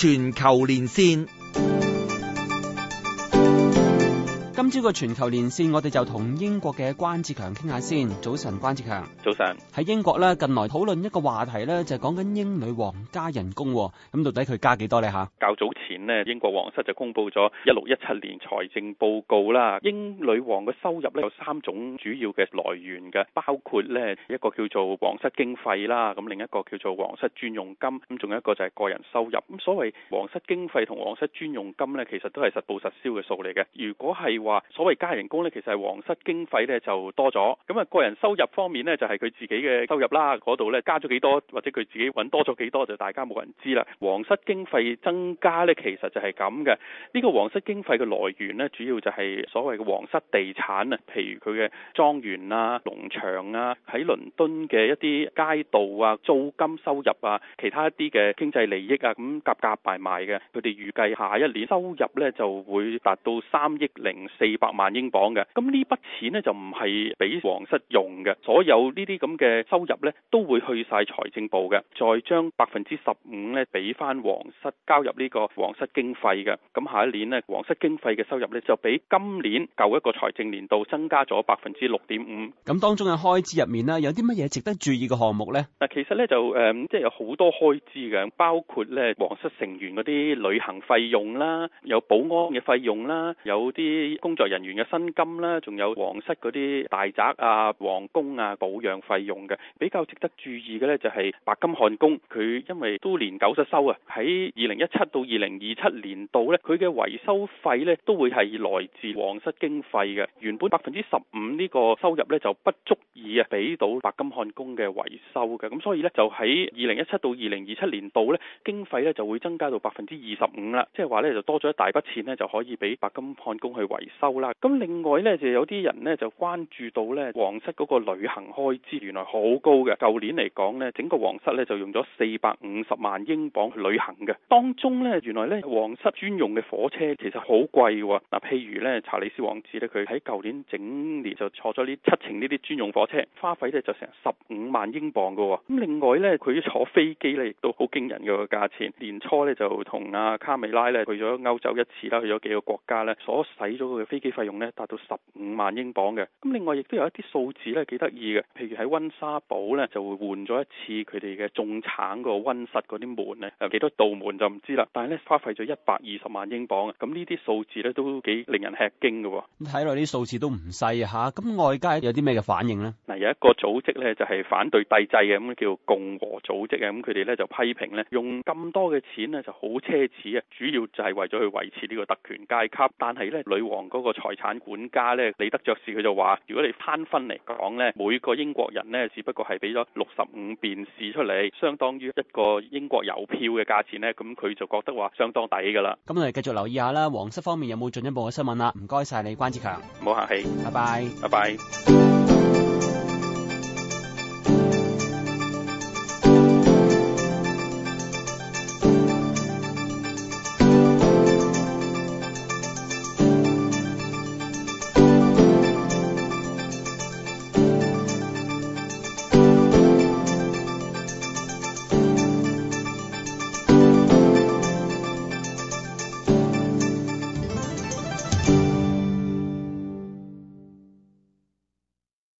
全球連線。今朝個全球連線，我哋就同英國嘅關志強傾下先。早晨，關志強。早晨。喺英國咧，近來討論一個話題咧，就係講緊英女王加人工，咁到底佢加幾多咧？吓？較早前呢，英國皇室就公布咗一六一七年財政報告啦。英女王嘅收入咧有三種主要嘅來源嘅，包括咧一個叫做皇室經費啦，咁另一個叫做皇室專用金，咁仲有一個就係個人收入。咁所謂皇室經費同皇室專用金咧，其實都係實報實銷嘅數嚟嘅。如果係話所謂加人工呢，其實係皇室經費咧就多咗。咁啊個人收入方面呢，就係佢自己嘅收入啦，嗰度呢，加咗幾多，或者佢自己揾多咗幾多，就大家冇人知啦。皇室經費增加呢，其實就係咁嘅。呢個皇室經費嘅來源呢，主要就係所謂嘅皇室地產啊，譬如佢嘅莊園啊、農場啊，喺倫敦嘅一啲街道啊、租金收入啊、其他一啲嘅經濟利益啊，咁夾夾埋埋嘅。佢哋預計下一年收入呢就會達到三億零四百萬英鎊嘅，咁呢筆錢呢就唔係俾皇室用嘅，所有呢啲咁嘅收入呢，都會去晒財政部嘅，再將百分之十五呢俾翻皇室交入呢個皇室經費嘅。咁下一年呢，皇室經費嘅收入呢，就比今年舊一個財政年度增加咗百分之六點五。咁當中嘅開支入面啦，有啲乜嘢值得注意嘅項目呢？嗱，其實呢，就誒，即、呃、係、就是、有好多開支嘅，包括呢皇室成員嗰啲旅行費用啦，有保安嘅費用啦，有啲。工作人員嘅薪金啦，仲有皇室嗰啲大宅啊、皇宮啊保養費用嘅，比較值得注意嘅呢，就係白金漢宮，佢因為都年久失修啊，喺二零一七到二零二七年度呢，佢嘅維修費呢，都會係來自皇室經費嘅，原本百分之十五呢個收入呢，就不足以啊俾到白金漢宮嘅維修嘅，咁所以呢，就喺二零一七到二零二七年度呢，經費呢，就會增加到百分之二十五啦，即係話呢，就，是、就多咗一大筆錢呢，就可以俾白金漢宮去維。收啦，咁另外咧就有啲人咧就關注到咧皇室嗰個旅行開支原來好高嘅，舊年嚟講咧整個皇室咧就用咗四百五十萬英鎊去旅行嘅，當中咧原來咧皇室專用嘅火車其實好貴喎。嗱譬如咧查理斯王子咧佢喺舊年整年就坐咗呢七程呢啲專用火車，花費咧就成十五萬英鎊嘅，咁另外咧佢坐飛機咧亦都好驚人嘅個價錢，年初咧就同阿卡米拉咧去咗歐洲一次啦，去咗幾個國家咧所使咗佢。飛機費用咧達到十五萬英鎊嘅，咁另外亦都有一啲數字咧幾得意嘅，譬如喺温莎堡咧就會換咗一次佢哋嘅重產個温室嗰啲門咧，有、啊、幾多道門就唔知啦，但係咧花費咗一百二十萬英鎊啊，咁呢啲數字咧都幾令人吃驚嘅。咁睇落啲數字都唔細吓，咁外界有啲咩嘅反應呢？嗱，有一個組織咧就係反對帝制嘅，咁叫共和組織啊，咁佢哋咧就批評咧用咁多嘅錢咧就好奢侈啊，主要就係為咗去維持呢個特權階級，但係咧女王嗰個財產管家咧，李德爵士佢就話：如果你攤分嚟講咧，每個英國人咧，只不過係俾咗六十五便士出嚟，相當於一個英國郵票嘅價錢咧，咁佢就覺得話相當抵㗎啦。咁我哋繼續留意下啦，皇室方面有冇進一步嘅新聞啦？唔該晒，你關志強，唔好客氣，拜拜，拜拜。